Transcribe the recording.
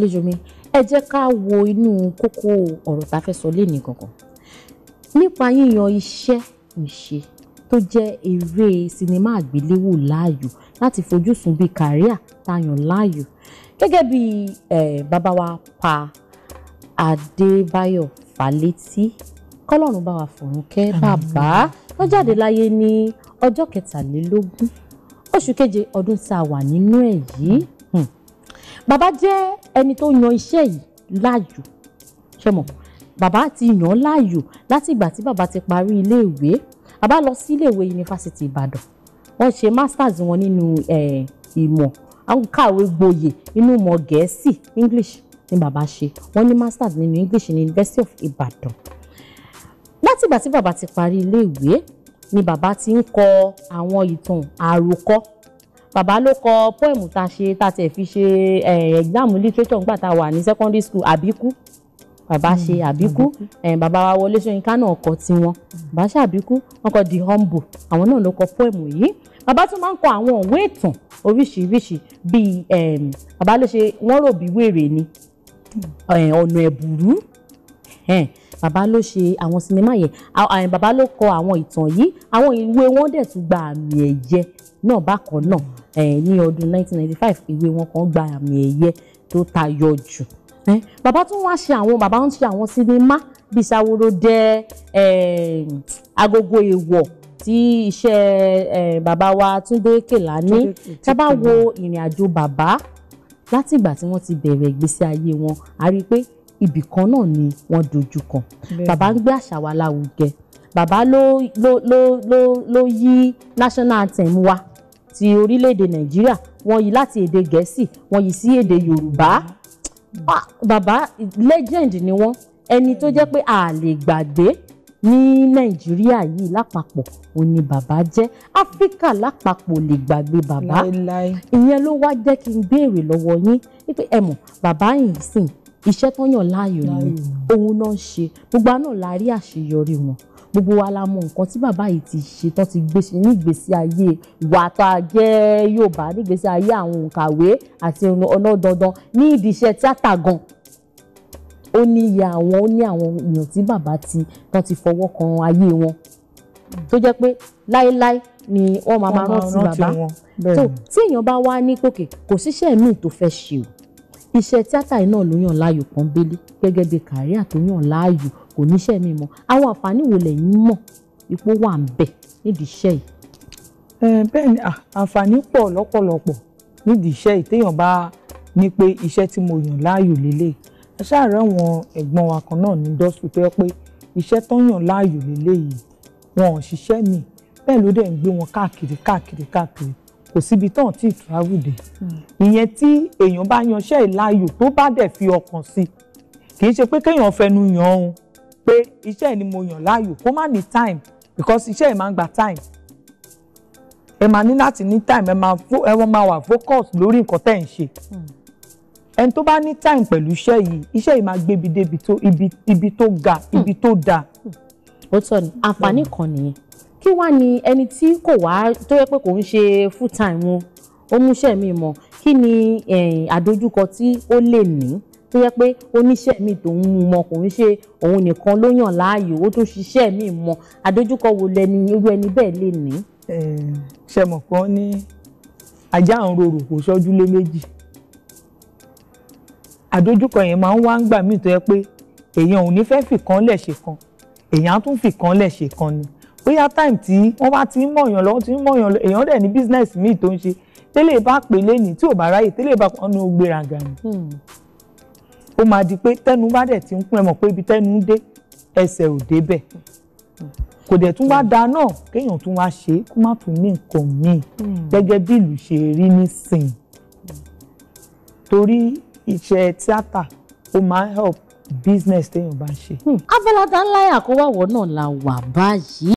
àlejò mi ẹ jẹ́ ká wo inú kókó ọ̀rọ̀ tá a fẹ́ sọ lénìí gangan nípa yíyan iṣẹ́ ìṣe tó jẹ́ eré sinimá àgbéléwò láàyò láti fojú sùn bíi kàríà tayàn láàyò gẹ́gẹ́ bí bàbá wa pa Adébáyọ̀ Fálétí kọ́lọ́run bá wa fọ̀run kẹ́ bàbá wọ́n jáde láyé ní ọjọ́ kẹtàlélógún oṣù keje ọdún tá a wà nínú ẹ̀ yìí. Hmm bàbá jẹ́ ẹni tó yan iṣẹ́ yìí láàyò ṣe mọ̀ bàbá ti yàn án láàyò láti ìgbà tí bàbá ti parí iléèwé bàbá lọ sí iléèwé yunifásitì Ìbàdàn wọ́n ṣe masters wọn nínú ìmọ̀ àwọn kàwé gboyè nínú ìmọ̀ Gẹ̀ẹ́sì English ni bàbá ṣe wọ́n ní masters nínú English ní University of Ìbàdàn láti ìgbà tí bàbá ti parí iléèwé ni bàbá ti ń kọ àwọn ìtàn àròkọ bàbá ló kọ poem tá a ṣe tá a tẹ̀ fi ṣe exam literature nígbà tá a wà ní secondary school àbíkú bàbá ṣe hmm, àbíkú bàbá wa Wọlé Ṣóyínká náà kọ tiwọn bàbá ṣe àbíkú wọn kọ the humble àwọn náà ló kọ poem yìí bàbá tún máa ń kọ àwọn òwe ìtàn oríṣiríṣi bíi bàbá ló ṣe wọ́n rò bí wèrè ni hmm. ọ̀nà ẹ̀bùrú bàbá ló ṣe àwọn sinimá yẹn bàbá ló kọ àwọn ìtàn yìí àwọn ìwé wọn dẹ̀ tún gba àmì ẹ̀yẹ náà bákan náà ní ọdún 1995 ìwé wọn kan gba àmì ẹ̀yẹ tó tayọ jù bàbá tún wá ṣe àwọn bàbá ń ṣe àwọn sinimá bíi Ṣawórodé agogo èèwọ̀ tí iṣẹ́ bàbá wa Túndé Kèlání tá bá wo ìrìn àjò bàbá láti ìgbà tí wọ́n ti bẹ̀rẹ̀ ìgbésí ayé wọn a rí i pé ibì kan náà ni wọ́n dojú kọ bàbá ń gbé àṣà wa lárugẹ bàbá ló ló ló ló ló yí national anthem wa ti orílẹ̀-èdè nàìjíríà wọ́n yí láti èdè gẹ̀ẹ́sì wọ́n yí sí èdè yorùbá mm-hmm. ah, bàbá legend ni wọ́n ẹni tó jẹ́ pé a lè gbàgbé ní nàìjíríà yìí lápapọ̀ òun ni bàbá jẹ́ áfíríkà lápapọ̀ lè gbàgbé bàbá ìyẹn ló wá jẹ́ kí n béèrè lọ́wọ́ yín wípé ẹ mọ̀ bàbá yìí sìn iṣẹ́ tó yàn láàyò ni òun náà ń ṣe gbogbo àná la rí àṣeyọrí wọn gbogbo wa la mọ nǹkan tí bàbá yìí ti ṣe tó ti gbé ṣe nígbésí ayé ìwà tá a jẹ́ Yorùbá nígbésí ayé àwọn òǹkàwé àti ọlọ́dandan ní ìdí iṣẹ́ tíátà gan ó ní iye àwọn ó ní àwọn èèyàn tí bàbá ti tán ti fọwọ́ kan ayé wọn tó jẹ́ pé láéláé ni wọ́n máa máa rántí bàbá tó tí èèyàn bá wá ní kòkè kò síṣẹ́ míì tó fẹ́ ṣe o iṣẹ́ tíátà yìí náà ló yàn láàyò pọ́nbélé gẹ́gẹ́ bí kàríà tó yàn láàyò kò níṣẹ́ mi mọ́ àwọn àǹfààní wo lẹ̀yin mọ̀ ipò wà ń bẹ̀ nídìí iṣẹ́ yìí. bẹ́ẹ̀ ni àǹfààní pọ̀ lọ́pọ̀lọpọ̀ nídìí iṣẹ́ yìí téèyàn bá ní pé iṣẹ́ tí mo yàn láàyò lélẹ̀ aṣáàrẹ̀ wọn ẹ̀gbọ́n wa kan náà ní dọ́sù tó yẹ pé iṣẹ́ tó yàn láàyò lélẹ̀ yìí wọn ò ṣiṣẹ́ mi bẹ́ẹ̀ ló dẹ̀ ń gbé wọn káàkiri káàkiri káàkiri kò síbi tán tí travel dé hmm. ìyẹn tí èèyàn bá yanṣẹ́ ìláyò tó bá dẹ̀ fi ọkàn sí kì í ṣe pé kéèyàn fẹnu yàn ọ́n pé iṣẹ́ ẹ̀ ni mo yàn láàyò kó má ní time because iṣẹ́ ẹ̀ máa ń gba time ẹ máa ní láti ní time ẹ máa ẹ wọ́n máa wà focus lórí nǹkan tẹ̀ ń ṣe hmm. ẹni tó bá ní time pẹ̀lú iṣẹ́ yìí iṣẹ́ yìí máa gbébi débi tó ibi tó ga hmm. ibi tó dáa. Hmm. ó tọ́ ni àǹfààní kan nìyẹn kí wàá ní ẹni tí kò wá tó yẹ pé kò ń ṣe full time o ó múṣẹ́ mi mọ̀ kí ni eh, àdójúkọ tí ó lè ní tó yẹ pé oníṣẹ́ mi tòun mú mọ kò ń ṣe òun nìkan ló yàn láàyò ó tún ṣiṣẹ́ mi mọ àdójúkọ wo lẹni irú ẹni bẹ́ẹ̀ lè ní. ṣe mọ̀ kan ní ajá ń rorò kò sọ́jú lé méjì àdójúkọ yẹn máa ń wá ń gbà míì tó yẹ pé èèyàn ò ní fẹ́ fìkan lẹ̀ ṣe kan èèyàn á tún fìkan lẹ̀ ṣe kan ni bóyá time tí wọ́n bá ti ń mọ̀yàn lọ́wọ́ ti ń mọ̀yàn lọ́wọ́ èèyàn dẹ̀ ní business míì tó ń ṣe tẹ́lẹ̀ bá pè lẹ́nìí tí ò bá ráyè tẹ́lẹ̀ bá ọ̀nà ògbéraga ni. Hmm ó máa di pé tẹnu bá dẹ̀ ti ń kún ẹ mọ̀ pé ibi tẹnu dé ẹsẹ̀ ò débẹ̀ kò dẹ̀ tún wá hmm. da náà kéèyàn tún wá ṣe é kó má tún ní nǹkan míì hmm. gẹ́gẹ́ bí ìlú ṣe rí nísìnyí torí iṣẹ́ tíátà ó máa help business téèyàn bá ń ṣe. Hmm. abala dáńláyà kó wà wọ́n náà la wà báyìí.